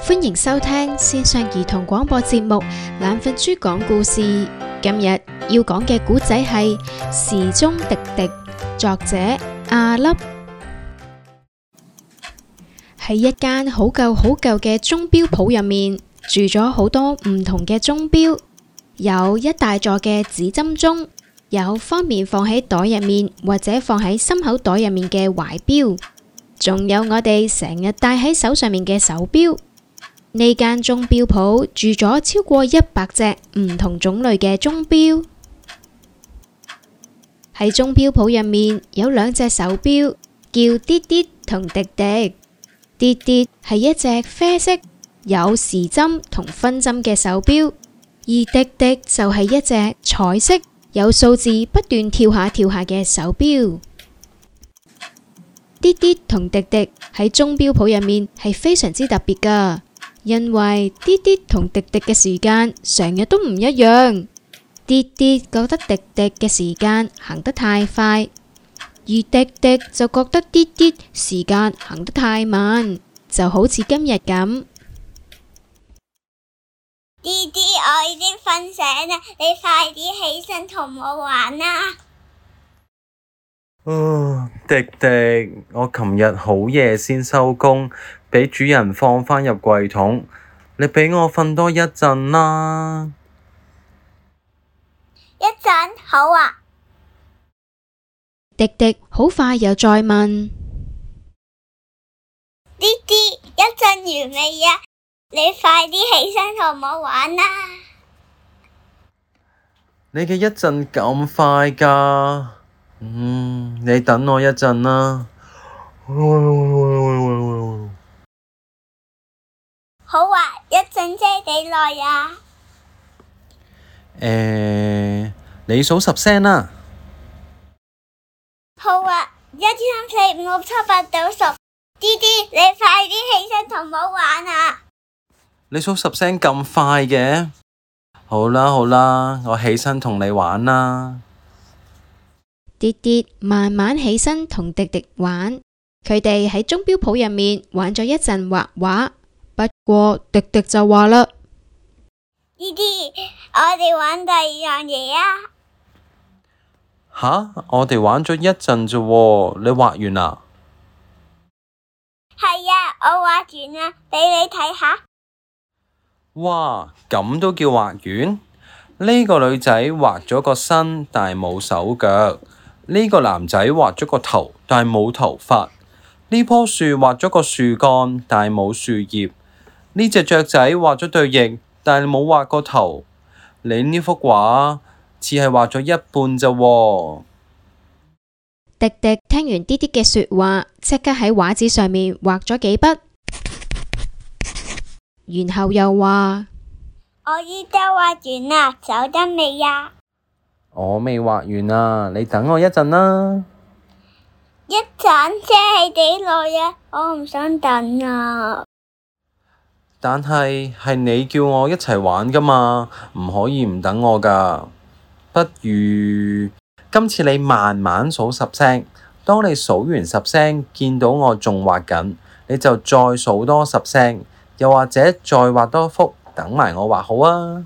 歡迎收聽綫上兒童廣播節目《懶瞓豬講故事》。今日要講嘅古仔係《時鐘滴滴》，作者阿粒。喺一間好舊好舊嘅鐘表鋪入面，住咗好多唔同嘅鐘錶，有一大座嘅指針鐘，有方便放喺袋入面或者放喺心口袋入面嘅懷錶，仲有我哋成日戴喺手上面嘅手錶。呢間鐘表鋪住咗超過一百隻唔同種類嘅鐘錶。喺鐘表鋪入面有兩隻手錶，叫滴滴同啲啲。滴滴係一隻啡色有時針同分針嘅手錶，而啲啲就係一隻彩色有數字不斷跳下跳下嘅手錶。滴滴同啲啲喺鐘表鋪入面係非常之特別噶。因為啲啲同滴滴嘅時間成日都唔一樣，啲啲覺得滴滴嘅時間行得太快，而滴滴就覺得啲啲時間行得太慢，就好似今日咁。啲啲，我已經瞓醒啦，你快啲起身同我玩啦。嗯、哦，滴滴，我琴日好夜先收工。俾主人放返入櫃桶，你俾我瞓多一陣啦。一陣好啊！滴滴，好快又再問，滴滴一陣完未啊？你快啲起身同我玩啦！你嘅一陣咁快噶？嗯，你等我一陣啦。幾耐呀？你數十聲啦、啊。好啊，一、二、三、四、五、六、七、八、九、十。啲啲，你快啲起身同我玩啊！你數十聲咁快嘅？好啦好啦，我起身同你玩啦。啲啲慢慢起身同滴滴玩，佢哋喺鐘表鋪入面玩咗一陣畫畫，不過滴滴就話啦。呢啲我哋玩第二樣嘢啊！吓，我哋玩咗一陣啫，你畫完啦？係啊，我畫完啦，畀你睇下。哇，咁都叫畫完？呢個女仔畫咗個身，但係冇手腳；呢個男仔畫咗個頭，但係冇頭髮；呢棵樹畫咗個樹幹，但係冇樹葉；呢隻雀仔畫咗對翼。但係你冇畫個頭，你呢幅畫似係畫咗一半咋。哦？滴滴聽完啲啲嘅說話，即刻喺畫紙上面畫咗幾筆，然後又話：我依家畫完啦，走得未呀？我未畫完啊，你等我一陣啦。一陣即係幾耐呀？我唔想等啊。但係係你叫我一齊玩噶嘛，唔可以唔等我噶。不如今次你慢慢數十聲，當你數完十聲，見到我仲畫緊，你就再數多十聲，又或者再畫多幅，等埋我畫好啊。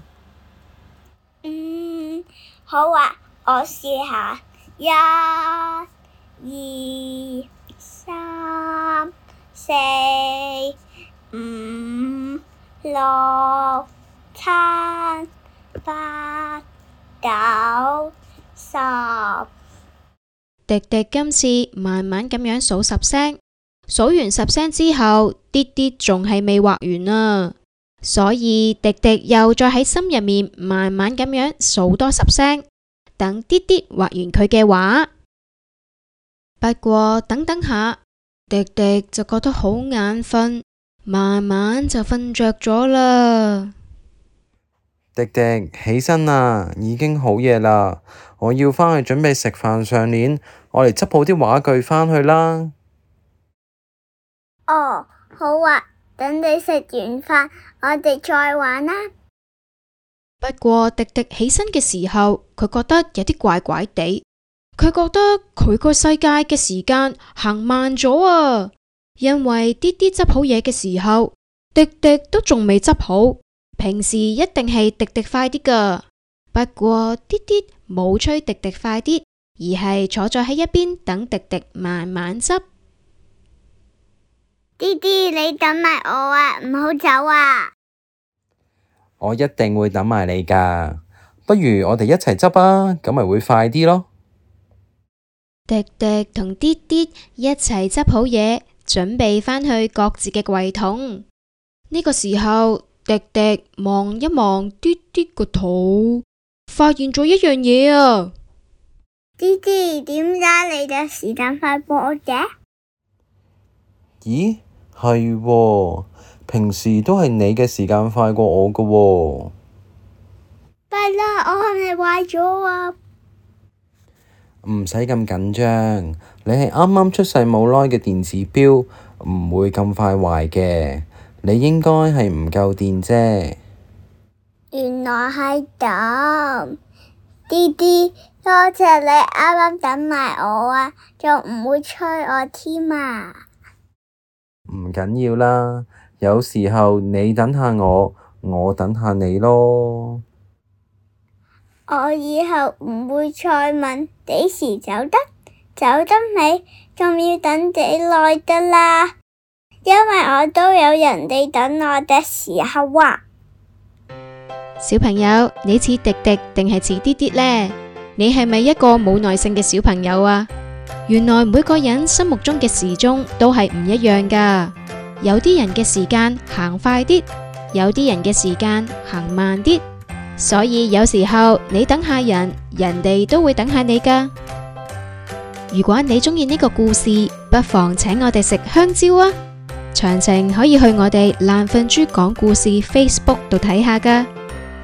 嗯，好啊，我試下。一、二、三、四、五。六七八九十。滴滴今次慢慢咁樣數十聲，數完十聲之後，啲啲仲係未畫完啊！所以滴滴又再喺心入面慢慢咁樣數多十聲，等啲啲畫完佢嘅畫。不過等等下，滴滴就覺得好眼瞓。慢慢就瞓着咗啦，滴滴，起身啦，已經好夜啦，我要返去準備食飯。上年我嚟執好啲玩具返去啦。哦，好啊，等你食完飯，我哋再玩啦、啊。不過滴滴起身嘅時候，佢覺得有啲怪怪地，佢覺得佢個世界嘅時間行慢咗啊。因為啲啲執好嘢嘅時候，滴滴都仲未執好。平時一定係滴滴快啲㗎，不過啲啲冇催滴滴快啲，而係坐咗喺一邊等滴滴慢慢執。啲啲，你等埋我啊，唔好走啊！我一定會等埋你㗎。不如我哋一齊執啊，咁咪會快啲咯。滴滴，同啲啲一齊執好嘢。準備返去各自嘅櫃桶呢，這個時候，滴滴望一望啲啲個肚，發現咗一樣嘢啊。啲啲，點解你嘅時間快過我嘅？咦，係，喎，平時都係你嘅時間快過我㗎喎？弊啦，我係咪壞咗啊？唔使咁緊張，你係啱啱出世冇耐嘅電子錶，唔會咁快壞嘅。你應該係唔夠電啫。原來係咁，啲啲，多謝你啱啱等埋我啊，仲唔會催我添啊。唔緊要啦，有時候你等下我，我等下你咯。我以後唔會再問幾時走得走得未，仲要等幾耐得啦。因為我都有人哋等我嘅時候啊。小朋友，你似滴滴定係似啲啲呢？你係咪一個冇耐性嘅小朋友啊？原來每個人心目中嘅時鐘都係唔一樣噶。有啲人嘅時間行快啲，有啲人嘅時間行慢啲。所以有時候你等下人，人哋都會等下你噶。如果你中意呢個故事，不妨請我哋食香蕉啊！詳情可以去我哋爛瞓豬講故事 Facebook 度睇下噶。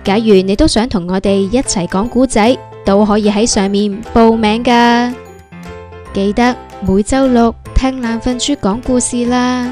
假如你都想同我哋一齊講故仔，都可以喺上面報名噶。記得每周六聽爛瞓豬講故事啦。